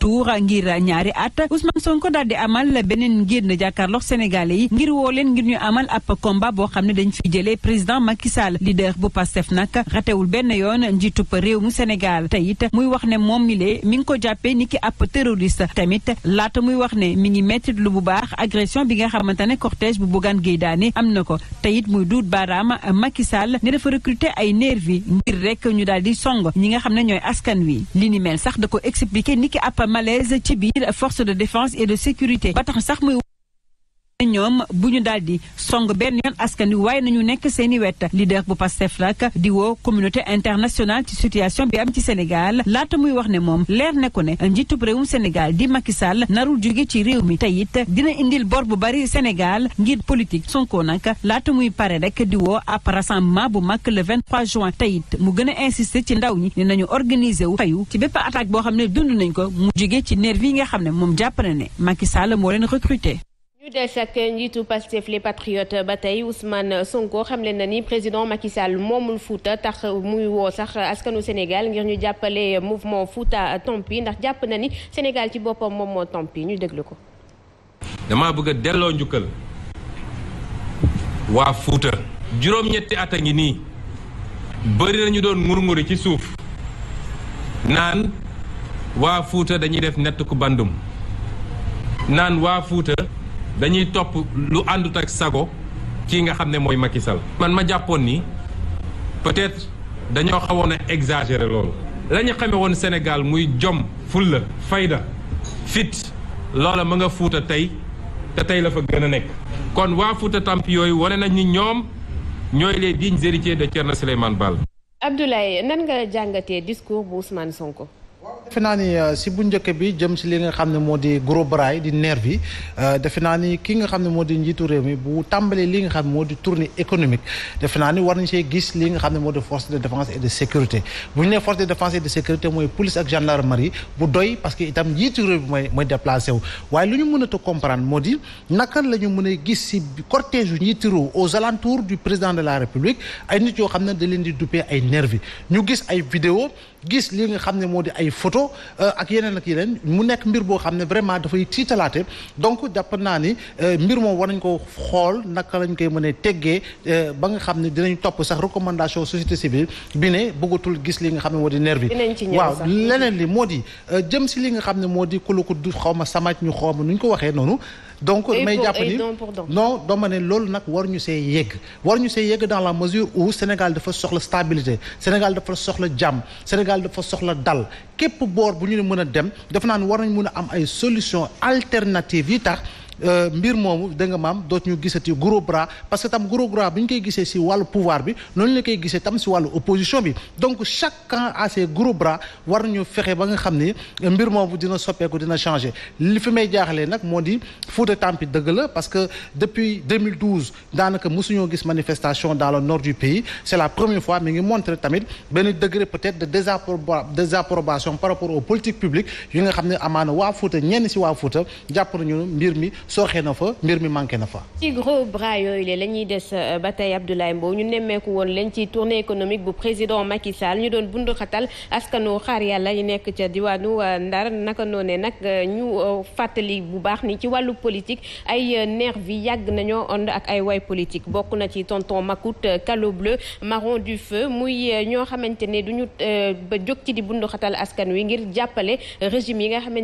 tour ngir ñaari at Ousmane Sonko daal di amal beneen génn jàkkaarloog sénégalais yi ngir woo leen ngir ñu amal ab combat boo xam ne dañ fi jëlee président Macky Sall leader bu Pastef nag ratewul benn yoon njiitub réew mu Sénégal te it muy wax ne moom mi lee mi ngi ko jàppee ni ki ab terroriste tamit laata muy wax ne mi ngi mettit lu bu baax agression bi nga xamante ne cortège bu Bougane Gueye Dany am na ko te it muy duut baaraam Macky Sall ne dafa recruter ay nervi rek ñu daal di song ñi xam ne ñooy askan wi ab malaise ci biir force de défense et de sécurité ba tax sax muy ñoom bu ñu daal di song benn yoon askan wi waaye nañu nekk seeni wet leader bu Pastef nag di woo communauté internationale ci situation bi am ci Sénégal laata muy wax ne moom leer ne ko ne njiitub réewum Sénégal di Macky Sall narul jóge ci réew mi te it dina indil bor bu bari Sénégal ngir politique Sonko nag laata muy pare rek di woo ab rassemblement bu mag le 23 juin te it mu gën a insister ci ndaw ñi ne nañu organiser wu fayu ci bépp attaque boo xam ne dund nañ ko mu jóge ci nervi yi nga xam ne moom jàpp na ne Macky Sall moo leen recruter ñu des njiitu Pastef les patriotes ba tey Ousmane Sonko xamle na ni président Macky Sall moomul Fouta tax muy woo sax askanu Sénégal ngir ñu jàppale mouvement Fouta Tampi ndax jàpp na ni Sénégal ci boppam moom moo Tampi ñu déglu ko. dama bëgg a delloo njukkal waa Fouta. juróom-ñetti at a ngi nii bëri nañu doon ngurnguri ci suuf naan waa Fouta dañuy def nett ku bandum naan waa Fouta. dañuy topp lu àndut ak sago kii nga xam ne mooy Macky Sall man ma jàppoon ni peut-être dañoo xawoon a exagérer loolu la xamee woon Sénégal muy jom fulla fayda fit loola ma nga fuuta tey te tey la fa gën a nekk kon waa fuuta tamp yooyu wane nañ ni ñoom ñooy les dignes héritiers de Thierno Souleymane Baal Abdoulaye nan nga jàngatee discours bu Ousmane Sonko defe naa ni euh, si bu njëkk bi jëm si li nga xam ne moo di gros bras di nerf euh, defe naa ni kii nga xam ne moo di njiitu réew mi bu tàmbalee li nga xam ne moo di tournée économique defe naa ni war nañ see gis li nga xam ne moo di force de défense et de sécurité bu ñu nee force de défense et de sécurité mooy police ak gendarmerie bu doy parce que itam njiitu réew mi mooy mooy déplacé wu waaye lu ñu mën a comprendre moo di naka la ñu mën a gis si cortège yu njiitu réew aux alentours du président de la république ay nit yoo xam ne da leen di duppee ay nervi ñu gis ay vidéo gis li nga xam oto euh, ak yeneen ak yeneen mu nekk mbir boo xam ne vraiment dafay tiitalaate donc jàpp naa ni euh, mbir moom war nañ ko xool naka lañ koy mënee teggee euh, ba nga xam ne dinañ topp sax recommandation société civile bi ne bëggatul gis li nga xam ne moo di nervi waaw leneen li moo di jëm si li nga xam ne moo di kuluku du xaw ma samaj ñu xaw ma nu ñu ko waxee noonu donc may jàpp ni non dama ne loolu nag war ñu see yegg war ñu see yegg dans la mesure ou Sénégal dafa soxla stabilité Sénégal dafa soxla jàmm Sénégal dafa soxla dal boor bu ñu mën a dem daf naa ne war nañ mën a am ay solution alternative yi tax Euh, mbir moomu da nga maam doot ñu gisati gros bras parce que tam gros bras bi ñu koy gisee si wàllu pouvoir bi noonu la koy gisee tam si wàllu opposition bi donc chacun a ses gros bras war nañu fexe ba nga xam ni mbir moomu dina soppeeku dina changer li fi may jaaxalee nag moo di Fouta Tampi dëgg la parce que depuis 2012 daanaka mosuñoo gis manifestation dans le nord du pays c'est la première fois mi ngi montré tamit benn degré peut-être de désapproba désapprobation par rapport aux politiques publiques yi nga xam ne amaana waa Fouta ñenn si waa Fouta jàpp nañu mbir mi sooxee na fa mbir mi manqué na fa. ci gros bras yooyu la ñuy des euh, ba tey Abdoulaye Mbow ñu nemmeeku woon leen ci tournée économique bu président Macky Sall ñu doon bundu xatal askanu xaar yàlla ñu nekk ca diwaanu euh, Ndar naka noonee nag euh, ñu fàttali bu baax ni ci wàllu politique ay nervi yàgg nañoo ond ak ay way politique bokk na ci tonton Macoute Calo Bleu Marron du Feu muy ñoo xamante ne duñu ba jóg ci di bundu xatal askan wi ngir jàppale régime yi nga xamante